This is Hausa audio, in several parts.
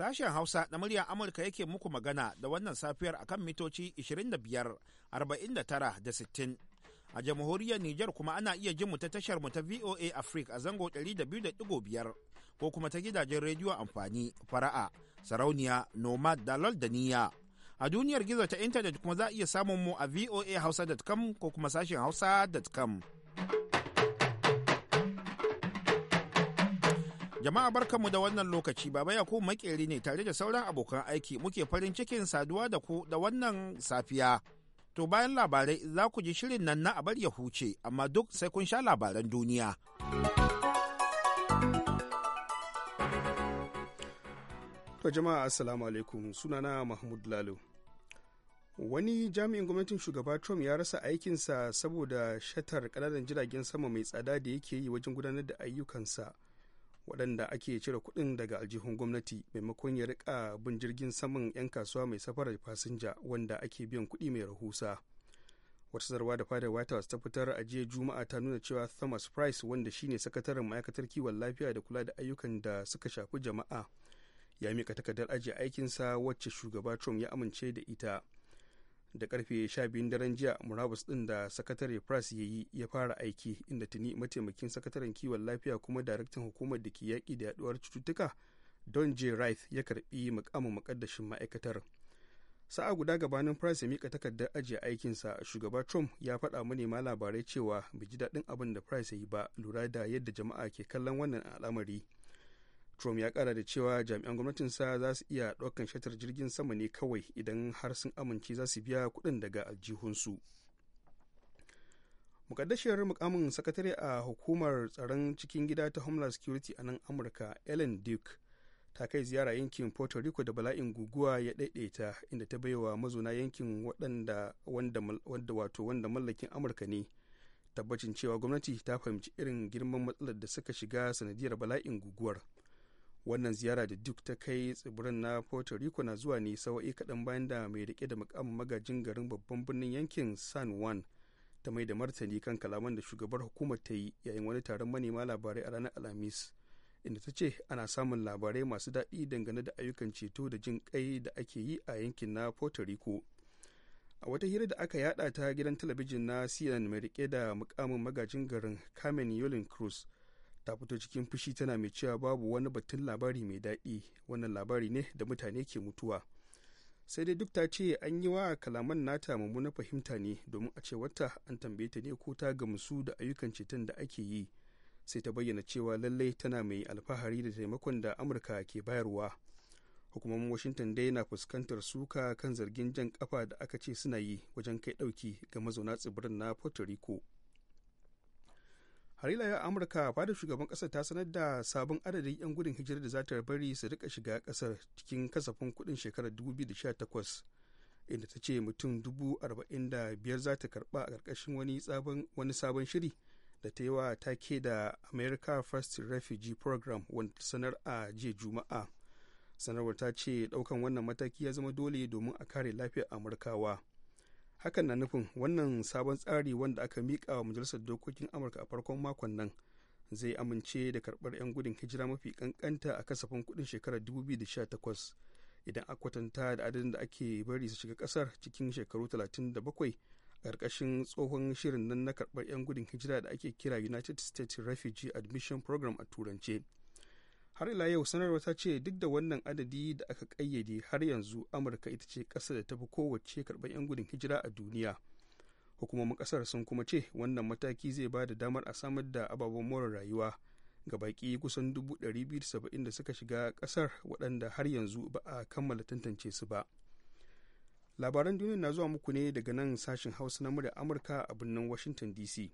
Sashen Hausa na muryar Amurka yake muku magana da wannan safiyar akan mitoci 25, da 60. A jamhuriyar Nijar kuma ana iya jin mu ta tashar mu ta VOA Africa a zango 200.5 ko kuma ta gidajen rediyo amfani fara'a, sarauniya, nomad da da niyya. A duniyar gizo ta intanet kuma za a iya samun mu a VOA Hausa.com ko kuma sashen hausa.com. Jama'a barkanmu da wannan lokaci Baba Yakubu makeri ne tare da sauran abokan aiki muke farin cikin saduwa da ku da wannan safiya. To bayan labarai za ku ji shirin nan na abar ya huce amma duk sai kun sha labaran duniya. To jama'a assalamu alaikum sunana Mahmud Lalo. Wani jami'in gwamnatin shugaba Trump ya rasa aikinsa saboda shatar kananan jiragen sama mai tsada da yake yi wajen gudanar da ayyukansa. waɗanda ake cire kuɗin daga aljihun gwamnati maimakon ya rika bin jirgin saman 'yan kasuwa mai safarar fasinja wanda ake biyan kuɗi mai rahusa wata zarwa da fadar white house ta fitar a jiya juma'a ta nuna cewa thomas price wanda shine sakataren ma'aikatar kiwon lafiya da kula da ayyukan da suka shafi jama'a ya mika takardar ajiye aikinsa wacce shugaba trump ya amince da ita da karfe 12 daren jiya murabus din da sakatare pras ya yi ya fara aiki inda tuni mataimakin sakataren kiwon lafiya kuma daraktan hukumar da ke yaƙi da yaɗuwar cututtuka don j rife ya karɓi mukamin makaddashin ma'aikatar sa'a guda gabanin price ya mika takardar ajiye aikinsa shugaba trump ya faɗa manema labarai cewa bai ji daɗin abin da price ya yi ba lura da yadda jama'a ke kallon wannan al'amari Trump ya kara da cewa jami'an gwamnatinsa za su iya ɗaukan shatar jirgin sama ne kawai idan har sun amince za su biya kuɗin daga aljihunsu. Mukaddashiyar mukamin sakatare a hukumar tsaron cikin gida ta Homeland Security a nan Amurka, Ellen Duke, ta kai ziyara yankin Puerto Rico da bala'in guguwa ya ɗaiɗaita inda ta baiwa mazauna yankin waɗanda wanda wato wanda mallakin Amurka ne. Tabbacin cewa gwamnati ta fahimci irin girman matsalar da suka shiga sanadiyar bala'in guguwar. wannan ziyara da duk ta kai tsibirin na puerto rico na zuwa ne sawa'i kaɗan bayan da mai rike da mukamin magajin garin babban birnin yankin san juan ta mai da martani kan kalaman da shugabar hukumar ta yi yayin wani taron manema labarai a ranar alhamis inda ta ce ana samun labarai masu daɗi dangane da ayyukan ceto da jin kai da ake yi a yankin na puerto rico a wata hira da aka yaɗa ta gidan talabijin na cnn mai rike da mukamin magajin garin carmen yolin cruz ta fito cikin fushi tana mai cewa babu wani batun labari mai daɗi wannan labari ne da mutane ke mutuwa sai dai duk ta ce an yi wa kalaman nata mummuna fahimta ne domin a ce wata an tambaye ta ne ko ta gamsu da ayyukan ceton da ake yi sai ta bayyana cewa lallai tana mai alfahari da taimakon da amurka ke bayarwa hukumomin washinton dai na fuskantar suka kan zargin jan kafa da aka ce suna yi wajen kai dauki ga mazauna tsibirin na puerto rico har ya yau amurka fadar shugaban kasar ta sanar da sabon adadin 'yan gudun hijirar da za ta bari su rika shiga kasar cikin kasafin kudin shekarar 2018 inda ta ce mutum 45,000 za ta karba a karkashin wani sabon shiri da ta yi wa take da america first refugee program wanda ta sanar a jiya juma'a sanarwar ta ce daukan wannan mataki ya zama dole domin a kare lafiyar amurkawa hakan na nufin wannan sabon tsari wanda aka miƙa wa majalisar dokokin amurka a farkon makon nan zai amince da karbar 'yan gudun hijira mafi kankanta a kasafin kudin shekarar 2018 idan a kwatanta da adadin da ake bari su shiga ƙasar cikin shekaru 37 karkashin ƙarƙashin tsohon shirin nan na karɓar 'yan gudun hijira da ake kira united states refugee admission program a turance har ila yau sanarwa ta ce duk da wannan adadi da aka ƙayyade har yanzu amurka ita ce ƙasar da ta fi kowace karɓar 'yan gudun hijira a duniya hukumomin ƙasar sun kuma ce wannan mataki zai ba da damar a samar da ababen more rayuwa ga baƙi kusan 270 da suka shiga ƙasar waɗanda har yanzu ba a kammala tantance su ba labaran duniya na zuwa muku ne daga nan sashen hausa na murya amurka a birnin washington dc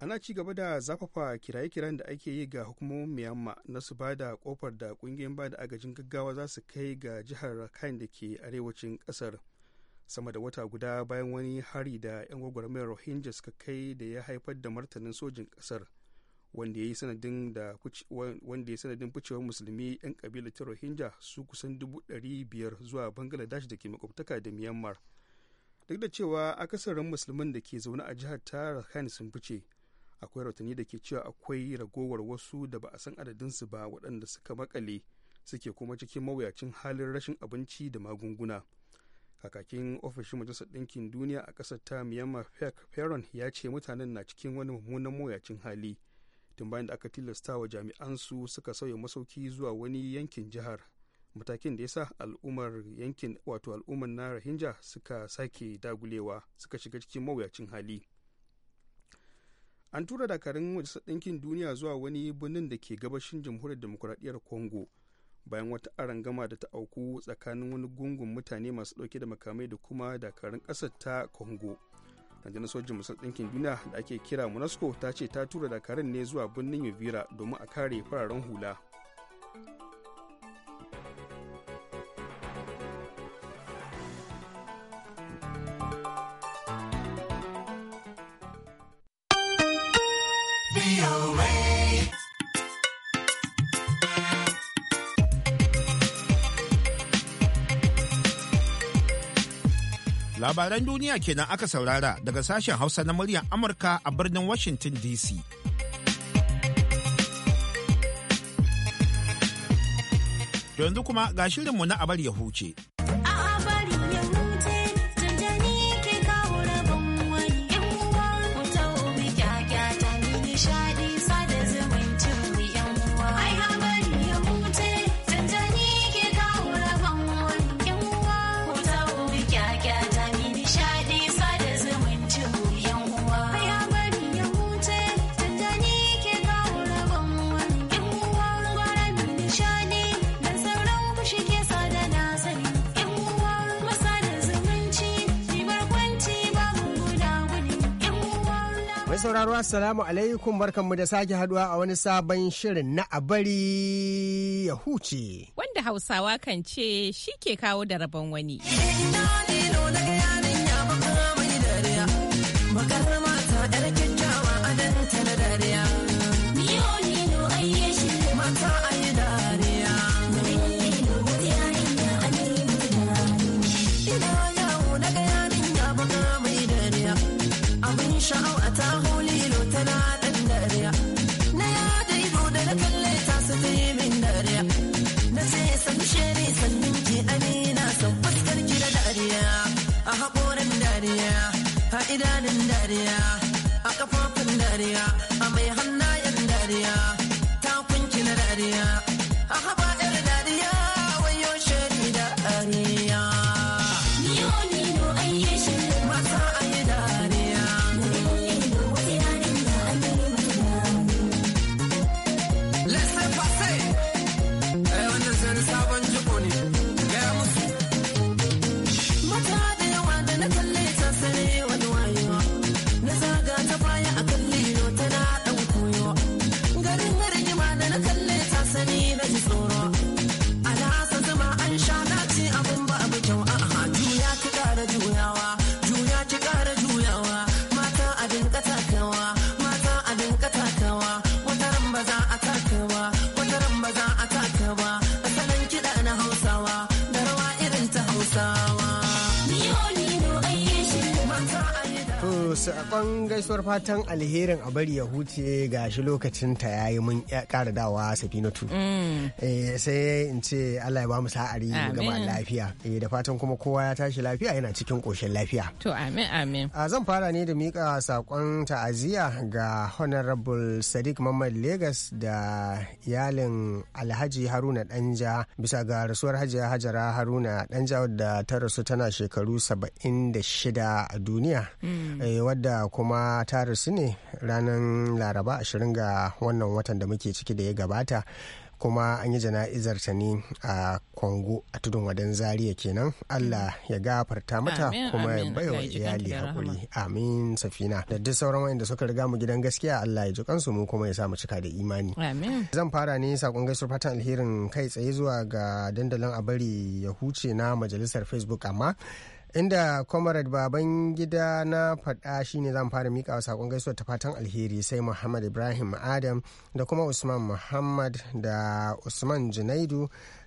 ana ci gaba da zafafa kiraye-kiran da ake yi ga hukumomin myanmar na su ba da kofar da kungiyoyin ba da agajin gaggawa za su kai ga jihar rakhine da ke arewacin kasar sama da wata guda bayan wani hari da 'yan gwagwarmayar rohingya suka kai da ya haifar da martanin sojin kasar wanda ya yi sanadin ficewar musulmi 'yan kabilar ta rohingya su kusan dubu biyar zuwa bangladesh da ke makwabtaka da myanmar duk da cewa akasarin musulmin da ke zaune a jihar ta rakhine sun fice akwai rautani da ke cewa akwai ragowar wasu da ba a san adadinsu ba waɗanda suka makale suke kuma cikin mawuyacin halin rashin abinci da magunguna kakakin ofishin majalisar ɗinkin duniya a ƙasar ta myanmar feron ya ce mutanen na cikin wani mummunan mawuyacin hali tun bayan da aka tilasta wa jami'an su suka sauya masauki zuwa wani yankin jihar matakin da ya sa al'ummar yankin wato al'ummar na rahinja suka sake dagulewa suka shiga cikin mawuyacin hali an tura dakarun majalisar ɗinkin duniya zuwa wani birnin da ke gabashin jamhuriyar demokuraɗiyyar congo bayan wata arangama da ta auku tsakanin wani gungun mutane masu ɗauke da makamai da kuma dakarun ƙasar ta congo rundunar sojin majalisar ɗinkin duniya da ake kira monasco ta ce ta tura dakarun ne zuwa birnin yuvira domin a kare fararen hula labaran duniya kenan aka saurara daga sashen hausa na muryar amurka a birnin washington dc yanzu kuma ga shirinmu na abar ya huce sauraro assalamu alaikum barkanmu da sake haduwa a wani sabon shirin na abari ya huce. Wanda Hausawa kan ce shi ke kawo da rabon wani. idanun dariya a kafafun dariya a mai hannu sakon gaisuwar fatan alherin a bari ya huce ga shi lokacin ta yayi mun ƙara dawa safinatu mm. eh, sai in ce Allah ya ba mu sa'ari gama lafiya eh, da fatan kuma kowa ya tashi lafiya yana cikin koshin lafiya to amin amin a zan fara ne da mika sakon ta'aziyya ga honorable Sadiq mamman Lagos da iyalin Alhaji Haruna Danja bisa ga rasuwar Hajiya Hajara Haruna Danja wadda ta rasu tana shekaru saba'in da shida a duniya mm. eh, wadda da kuma ta rasu ne ranar laraba 20 ga wannan watan da muke ciki da ya gabata kuma an yi jana'izar ta ne a kongo a tudun wadan zaria kenan allah ya gafarta mata kuma ya baiwa iyali hakuri amin safina da duk sauran wayanda suka riga mu gidan gaskiya allah ya ji kansu mu kuma ya sa mu cika da imani zan fara ne sakon gaisuwar fatan alherin kai tsaye zuwa ga dandalin a bari ya huce na majalisar facebook amma inda comrade baban gida na faɗa shine zan fara mika wa sakon gaisuwa ta fatan alheri sai muhammad ibrahim adam da kuma usman muhammad da usman junaidu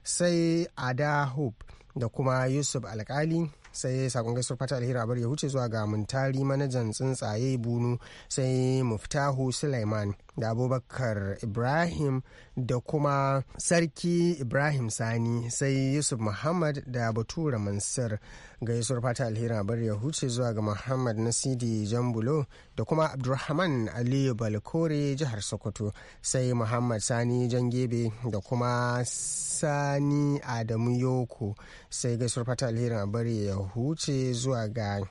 sai ada hope da kuma yusuf alkali sai sakon gaisuwar fatan alheri abar ya huce zuwa ga muntari manajan tsuntsaye bunu sai muftahu sulaiman da abubakar ibrahim da kuma sarki ibrahim sani sai yusuf muhammad da batura mansur ga fata alherin bar ya huce zuwa ga muhammad nasidi jambulo da kuma abdulrahman aliyu balkore jihar sokoto sai muhammad sani jan jangebe da kuma sani adamu yoko sai gaisuwar fata alherin bar ya huce zuwa ga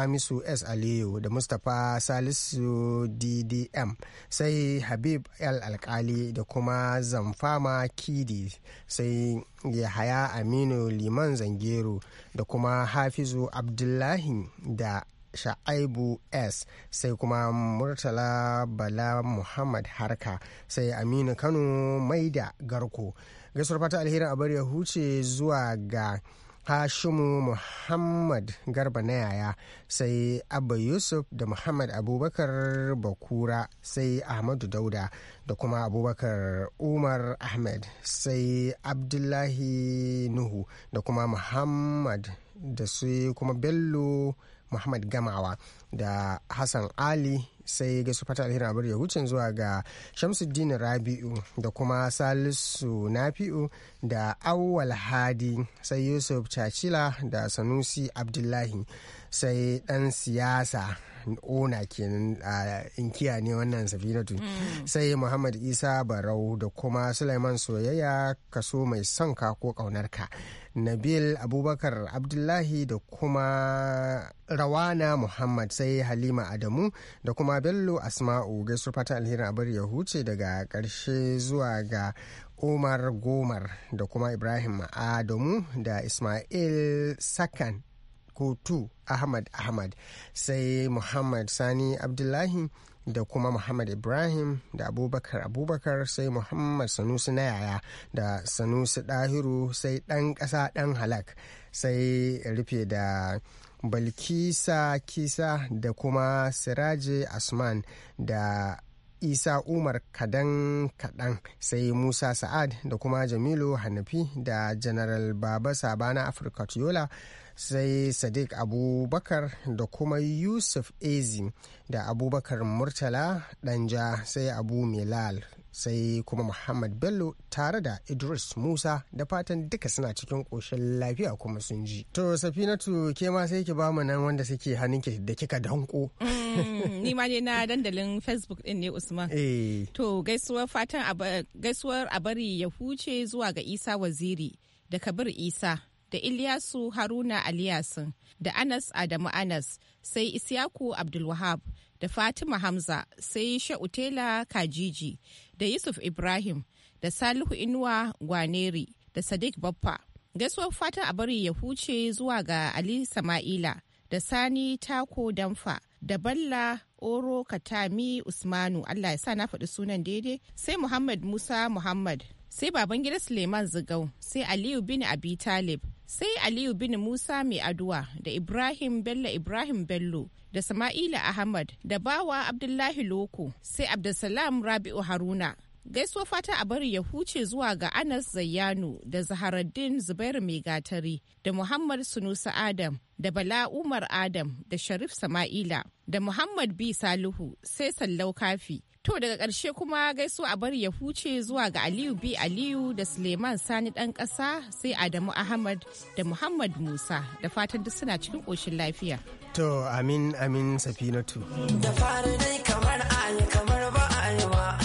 hamisu s aliyu da mustapha salisu ddm sai habib l alkali da kuma zamfama kidi sai yahaya aminu liman zangero da kuma hafizu abdullahi da sha'aibu s sai kuma murtala bala muhammad harka sai aminu kano maida garko gaisuwar fata alherin abar ya huce zuwa ga Hashimu Muhammad Garba na yaya sai Abba Yusuf da Muhammad Abubakar Bakura sai Ahmadu Dauda da kuma Abubakar Umar Ahmed sai Abdullahi Nuhu da kuma Muhammad da su kuma Bello Muhammad Gamawa da Hassan Ali sai su fata alheri abar ya wucin zuwa ga shamsuddin rabi'u da kuma salisu nafi'u da awwal hadi sai yusuf cacila da sanusi abdullahi sai dan siyasa ona kenan a inkiya ne wannan safinatu mm. sai muhammad isa barau da kuma sulaiman soyayya kaso mai son ka ko ƙaunarka nabil abubakar abdullahi da kuma rawana muhammad sai halima adamu da kuma bello asma'u Gaisu fata alherin abar ya huce daga karshe zuwa ga umar gomar da kuma ibrahim adamu da ismail sakan kotu ahmad ahmad sai muhammad sani abdullahi da kuma muhammad ibrahim da abubakar abubakar sai muhammad sanusi na yaya da sanusi dahiru sai ɗan ƙasa ɗan halak sai rufe da balkisa kisa da kuma siraje asman da isa umar kadan kadan sai musa sa'ad da kuma jamilu hanafi da general baba sabana afirka tuyola. sai sadiq abubakar da kuma yusuf ezi da abubakar murtala danja sai abu milal sai kuma muhammad bello tare da idris musa da fatan duka suna cikin koshin lafiya kuma sun ji to safinatu ke ma sai ki bamu nan wanda suke hannunki da kika danko mm, ni ma ne na dandalin facebook din ne usman eh. to gaisuwar fatan gaisuwar a bari ya huce zuwa ga isa waziri da kabir isa da Ilyasu Haruna Aliyasin da Anas Adamu Anas sai Isyaku Abdulwahab da Fatima Hamza sai Sha'utela Kajiji da Yusuf Ibrahim da Salihu Inuwa Gwaneri da Sadiq Baffa. Gaisuwar fatan a bari ya huce zuwa ga Ali Sama'ila da Sani Tako Damfa da Balla Oro Katami Usmanu Allah ya sa na faɗi sunan daidai sai Muhammad Musa Muhammad sai Babangida Suleiman Zigau, sai Aliyu bin Abi Talib, sai Aliyu bin Musa mai aduwa da Ibrahim Bello Ibrahim Bello da Sama'ila Ahmad da Bawa Abdullahi Loko, sai Abdulsalam Rabi'u Haruna. Gaisuwa fata a bari ya huce zuwa ga Anas Zayyanu da Zaharaddin Zubairu Mai Gatari da Muhammad Sunusa Adam da Bala Umar Adam da Sharif Sama'ila da Muhammad B. Salihu sai Sallau Kafi To daga ƙarshe kuma gaisuwa a bari ya huce zuwa ga Aliyu B. Aliyu da Suleiman Sani ɗan ƙasa sai Adamu Ahmad da Muhammad Musa da fatan duk suna cikin ƙoshin lafiya. To amin amin safinatu. Da fara dai kamar ayi kamar ba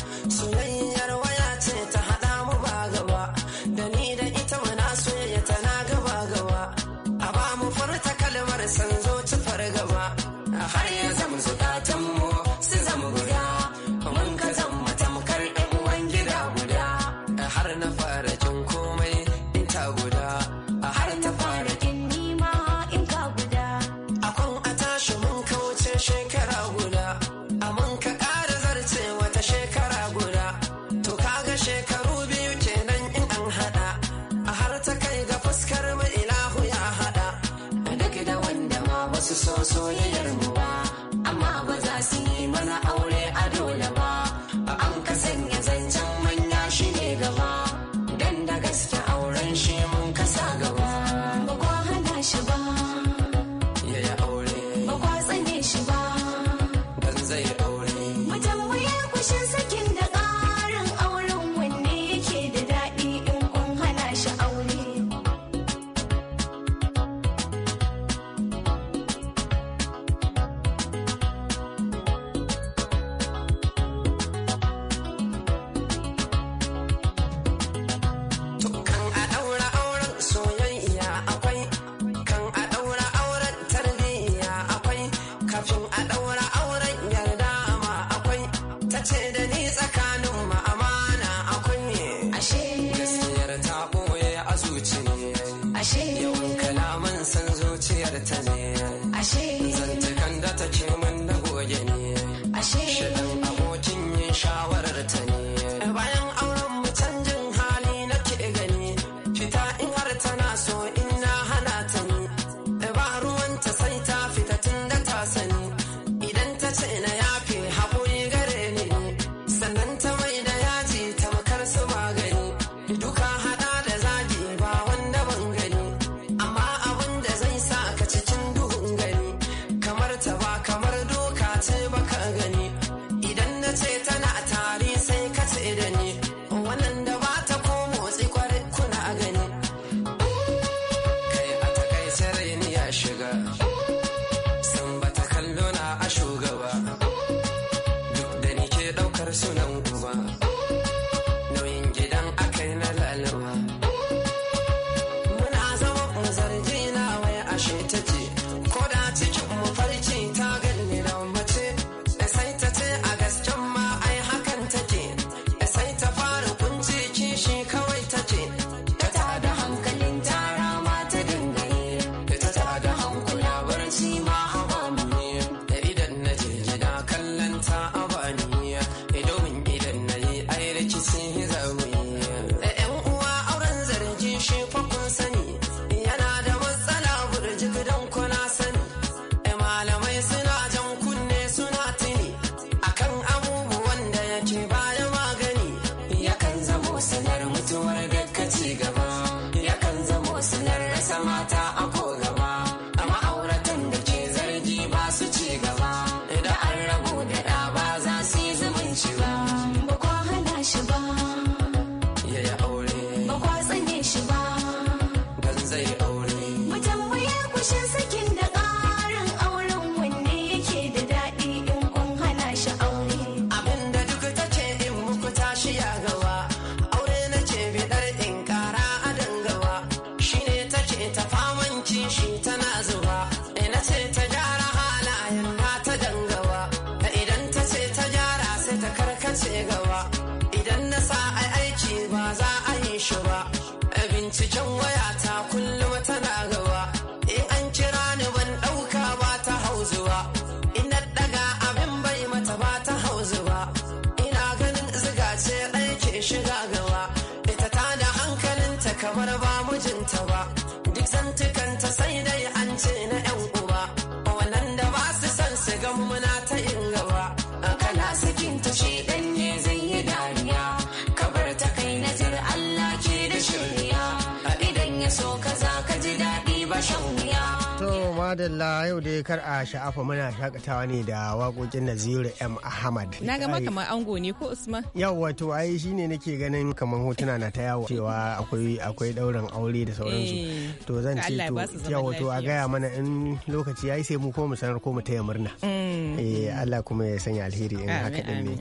madalla yau dai kar a sha'afa muna shakatawa ne da waƙoƙin naziru m ahmad na maka kamar ango ne ko usman yau wato ai shine nake ganin kamar hotuna na ta yawo cewa akwai akwai daurin aure da sauransu eh, to zan ce to yau wato a gaya mana in lokaci yayi sai mu ko mu sanar ko mu taya murna mm. eh Allah kuma ya sanya alheri in haka din ne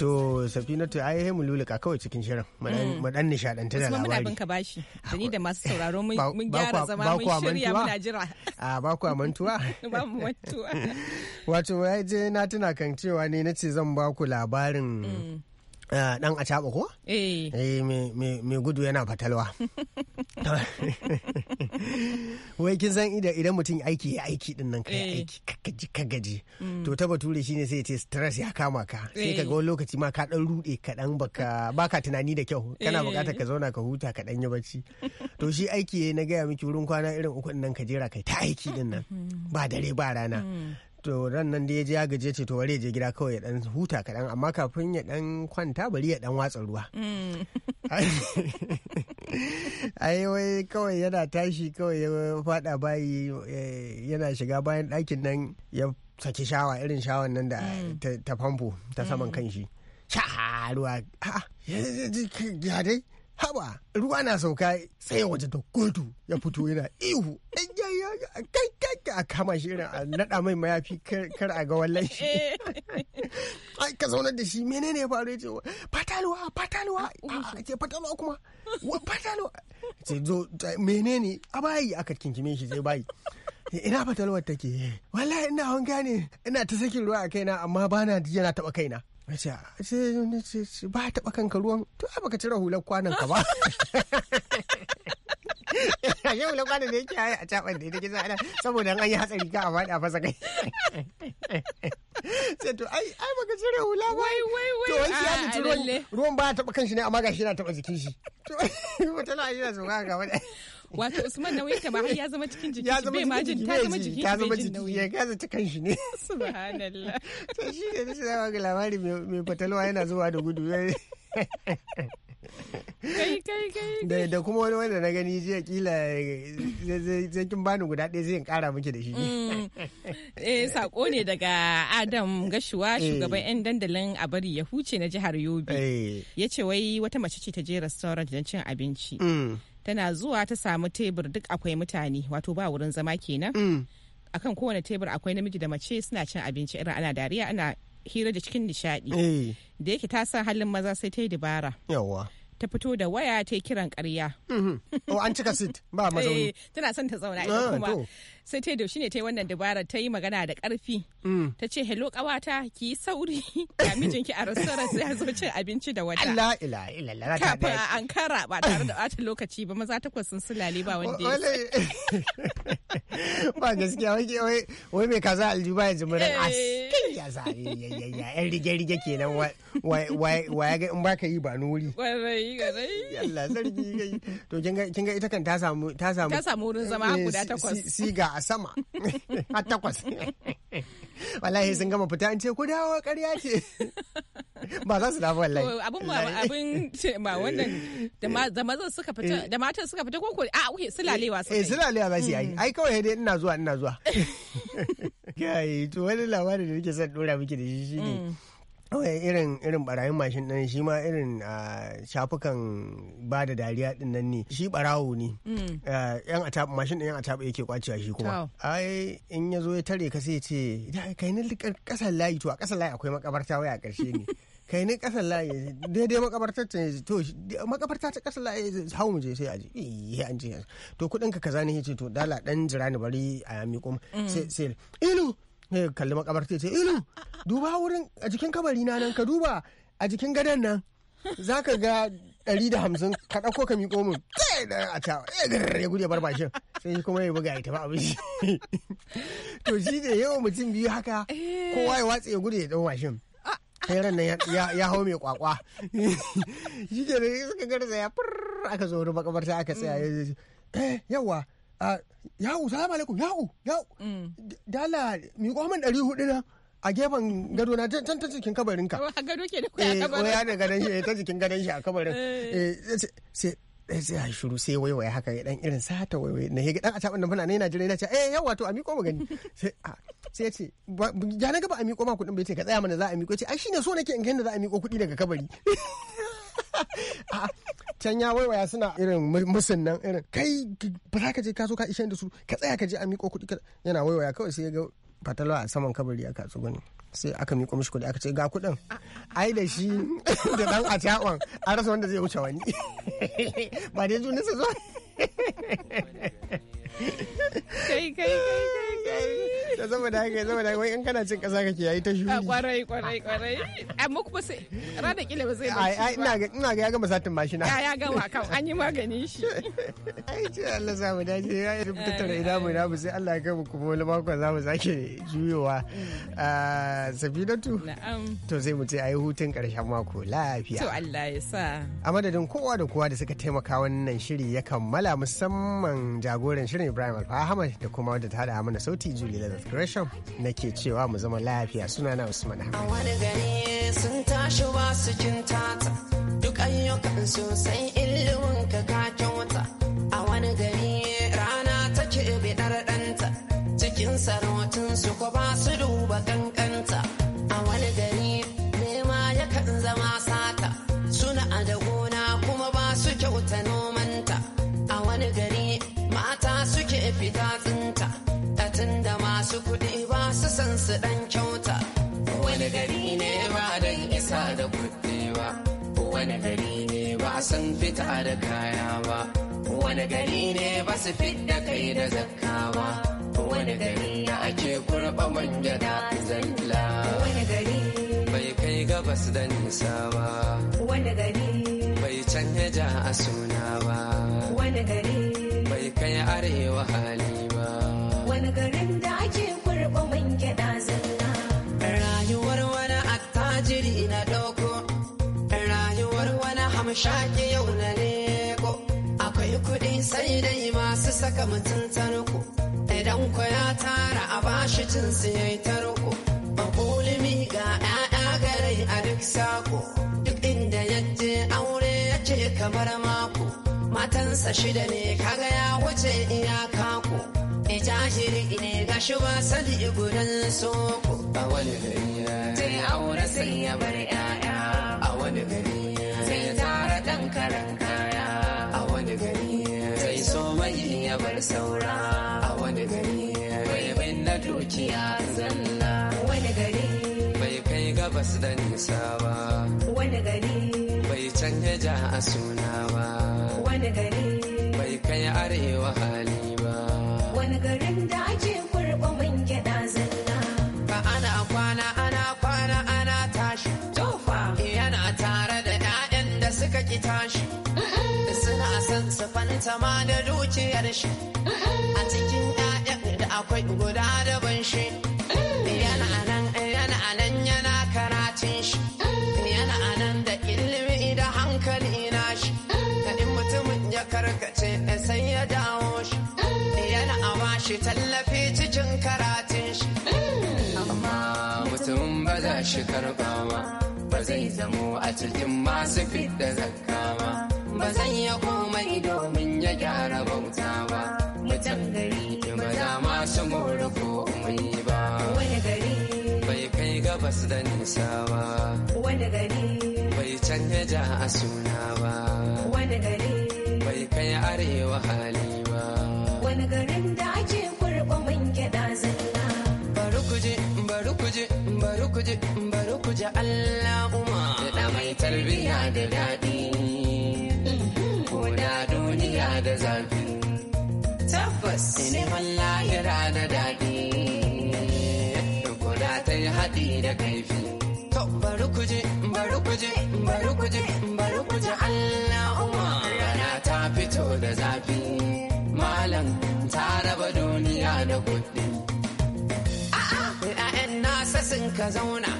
to safinatu ai sai mu luluka kawai cikin shirin mu dan mm. nishadanta da labari muna bin ka bashi Dani ni da masu sauraro mun gyara zama mun shirya muna jira Ah ba a mantuwa? Ba mu mantuwa. Wato ya je na tuna kan cewa ne na ce zan ba ku labarin mm. Eh, dan a ko? Eh. eh mai gudu yana fatalwa. Wai kin san idan mutum aiki ya aiki din nan kai eh. aiki kagaji kagaji. Mm. To ta bature shi ne sai ya ce stress ya kama ka. Sai ka ga wani lokaci ma ka dan rude ka dan baka baka tunani da kyau. Kana bukatar ka zauna ka huta ka dan yi bacci. To shi aiki na gaya miki wurin kwana irin uku nan ka jera kai ta aiki din nan. Mm. Ba dare ba rana. Mm. to ran nan da ya je ya gaje ce to ya je gida kawai ya dan huta kaɗan amma kafin ya dan kwanta bari ya dan watsa ruwa ai wai kawai yana tashi kawai ya fada bayi yana shiga bayan ɗakin nan ya saki shawa irin shawan nan da ta famfo ta saman kan shi sha ruwa ya dai haba ruwa na sauka sai waje da kotu ya fito yana ihu kai kai a kama shi irin a naɗa mai mayafi kar a ga wallan shi ai ka zauna da shi menene ya faru ce fataluwa fataluwa a ce fataluwa kuma fataluwa ce zo menene a bayi aka kinkime shi sai bayi ina fatalwar take eh, wallahi ina hanga ne ina ta sakin ruwa a kaina amma bana yana taba kaina na ce ba taɓa kanka ruwan to a baka cire hular kwanan ka ba yau hular kwanan da yake a caɓar da ke ana saboda an yi hatsari ka a a fasa kai sai to ai ai baka cire hula ba wai wai wai to wai ya ci ruwan ba taɓa kanshi ne amma gashi yana taɓa jikin shi to tana yi na ga wani wato Usman nauyin ta ba har ya zama cikin jiki ya zama ma jin ta zama jiki ta zama jiki ya gaza ta kanshi ne subhanallah to shi ne shi da labari mai fatalwa yana zuwa da gudu kai kai kai da kuma wani wanda na gani jiya kila zai kin bani guda ɗaya zai kara miki da shi mm. eh sako ne daga Adam Gashuwa eh. shugaban yan dandalin a bari ya huce na jihar Yobe eh. yace wai wata mace ce ta je restaurant don cin abinci mm. tana zuwa ta samu tebur duk akwai mutane wato ba wurin zama kenan mm. akan kowane tebur akwai namiji da mace suna cin abinci irin ana dariya ana hira da cikin nishadi eh. da yake ta san halin maza sai ta yi dabara yawa ta fito da waya ta yi kiran karya. Mhm. Oh, an cika sit ba eh, mazauni. Tana son ta zauna ita ah, kuma. sai ta da ne ta yi wannan dabarar ta yi magana da karfi mm. ta ce hello kawata ki yi sauri ga mijinki a restaurant ya zo cin abinci da wata Allah ila ila a ankara ba tare da bata lokaci ba maza takwas sun sulale ba wanda ya ba gaskiya wai wai mai kaza aljihu ba yanzu muran eh. askin ya zare ya yan rige rige kenan wa ya ga in baka yi ba nuri kwarai kwarai Allah sarki to kin ga ita kan ta samu ta samu wurin zama eh, guda takwas ga a sama a takwas wallahi sun gama fita in ce ku dawo ƙarya ce ba za su dawo wallahi abin ba abin ce ba wannan da mazan suka fita eh. da matan suka fita koko a ah, uke sulalewa su eh sulalewa ba su yi mm. ai kawai dai ina zuwa ina zuwa kai to wani labarin da nake son dora miki da shi shine mm. irin irin barayin mashin din shi ma irin shafukan ba da dariya din nan ne shi barawo ne yan mm. ataba mashin din yan ataba yake a shi kuma ai in ya zo ya tare ka sai ce kai ni kasan layi to a kasan layi akwai makabarta waya a karshe ne kai ni kasan layi daidai makabartar ta to makabarta ta kasan layi hau mu je sai a ji eh an to kudin ka kaza ne yace to dala dan jira ni bari a yami kuma mm. sai sai ilu kalli makabarta ce ilu duba wurin a jikin kabari na nan ka duba a jikin gadon nan za ka ga ɗari da hamsin ka ɗauko ka miƙo min a ta eh, ya gudu ya bar bashin sai shi kuma ya buga ya tafi abin shi to shi da yawan mutum biyu haka eh. kowa ya watsa ya gudu ya ɗau mashin sai ran nan ya hau mai kwakwa shi ke suka garza ya fur aka zo wani makabarta aka tsaya mm. eh, yawa yawo salamu alaikum yawo yawo mm. dala miƙo min ɗari hudu na a gefen gado na can ta cikin kabarin ka gado ke da a eh, kabarin eh gadon shi eh, ta cikin gadon shi a kabarin eh, eh sai sai ya shiru sai waiwaye haka ya dan irin sata waiwaye na hege dan a da bana ne yana jirai yana ce eh yawa to a miƙo mu gani sai sai ya ce ya na gaba a miƙo ma kudin bai ce ka tsaya mana za a miƙo ce ai shine so nake in kai da za a miƙo kuɗi daga kabari can ya waiwaya suna irin musun nan irin kai ba za ka je ka zo ka ishe da su ka tsaya ka je a miƙo kuɗi yana waiwaya kawai sai ya ga fatalawa a saman kabari a katsu gani sai aka miƙo mishi kuɗi aka ce ga kuɗin ai da shi da ɗan a caɓan an rasa wanda zai wuce wani ba dai juni su zo kai kai kai Ta da ya zama da haka wai an kana cin kasa kake yayi ta shuri ah, kwarai kwarai kwarai amma kuma sai rada kila ba zai ba ai ina ga ina ga ya gama satin mashina ya gama kan an yi magani shi ai ce Allah za mu dace ya yi rubuta da ina mu ina mu sai Allah ya kai mu kuma wani mako za mu sake juyowa a ah, na'am to sai mu ce ai hutun karshen mako lafiya to Allah ya sa a madadin kowa da kowa da suka taimaka wannan shiri ya kammala musamman jagoran shirin Ibrahim Alfa Ahmad da kuma wadda ta hada mana sauti Julie Lazar Joseph Gresham nake cewa mu zama lafiya sunana Usman A wani gari sun tashi ba su jin tata duk ayyukan su sosai ilimin ka ka kyauta. A wani gari rana ta ce bidar ɗanta cikin sarautun su ko ba su duba kankan. san su dan kyauta wani gari ne ba dan isa da kuɗi ba wani gari ne ba san fita da kaya ba wani gari ne ba su fidda kai da zakka ba wani gari na ake kurɓa manja da zalla wani gari bai kai gabas da nisa ba wani gari bai canja a suna ba wani gari bai kai arewa hali ba wani garin da ake kurɓa man gyaɗa zalla. Rayuwar wani attajiri na ɗauko, rayuwar wani hamshaki yau na leko. Akwai kuɗi sai dai masu saka mutum tarko, idan ku ya tara a bashi cin siyai tarko. Makulimi ga ‘ya'ya garai a duk sako, duk inda yaje aure ce kamar mako. Matansa shida ne kaga ya wuce iyaka ku. jahir ne ga shi wasan gurin soko a wani gari zai aure sai ya bar yaya a wani gari zai tara dan karan kaya a wani gari zai so mai ya bar saura a wani gari bai bin na dukiya zalla wani gari bai kai gabas da nisa ba wani gari bai canja a suna ba wani gari bai kai arewa hali ki tashi suna son su fanta da dukiyar shi a cikin ƴaƴan da akwai guda da ban shi yana anan yana anan yana karatun shi yana anan da ilimi da hankali na shi in mutumin ya karkace sai ya dawo shi yana a bashi tallafi cikin karatun shi amma mutum ba za shi karɓa ba zai zamo a cikin masu fidda zakka ba ba zan yi komai domin ya gyara bauta ba mutum gari ba za masu su mora ko umai ba wani gari bai kai gabas da nisa ba wani gari bai canja a suna ba wani gari bai kai arewa hali Allah Allahuma da mai tarbiya da daɗi ko duniya da zafi tabbas neman lahira da daɗi ko ta yi haɗi da kaifi bari ku je bari ku bari ku bari ku je Allahuma rana ta fito da zafi malam ta raba duniya da kuɗi a'a 'ya'yan nasa ka zauna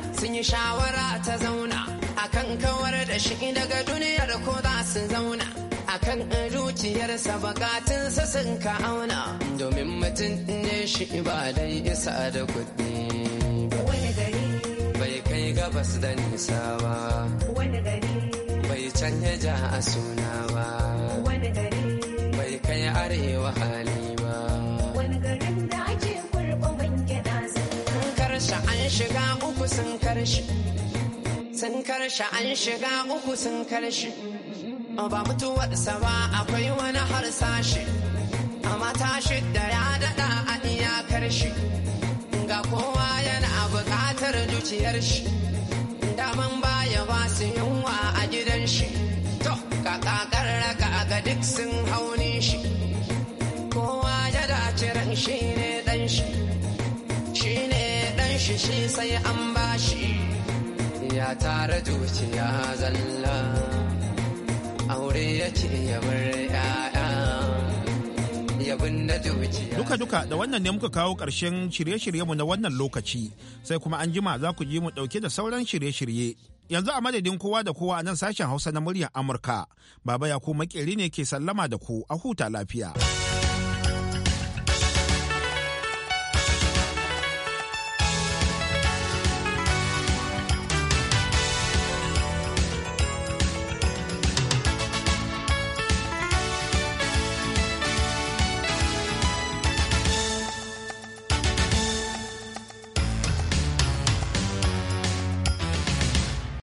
shawara ta zauna akan kawar da shi daga duniyar ko za su zauna akan dukiyarsa bukatunsa sun ka auna domin mutum ne shi ba dai isa da kuɗi bai kai gabas da nisa ba bai canja a suna ba bai kai arewa hali karshe an shiga uku sun karshe sun karshe an shiga uku sun karshe ba mutuwarsa ba akwai wani harsashi amma ta shidda ya dada a iyakar shi ga kowa yana buƙatar zuciyar shi daman baya ba su yunwa a gidan shi to ka kakar raka ga duk sun hauni shi kowa ya dace ran shi ne ɗan shi shi shi sai an bashi ya tara dukiya zalla aure ce ya bar ya'ya Duka-duka da wannan ne muka kawo ƙarshen shirye mu na wannan lokaci sai kuma an jima za ku ji mu ɗauke da sauran shirye-shirye. Yanzu a madadin kowa da kowa a nan sashen Hausa na muryar Amurka, Baba ya ku makeri ne ke sallama da ku a huta lafiya.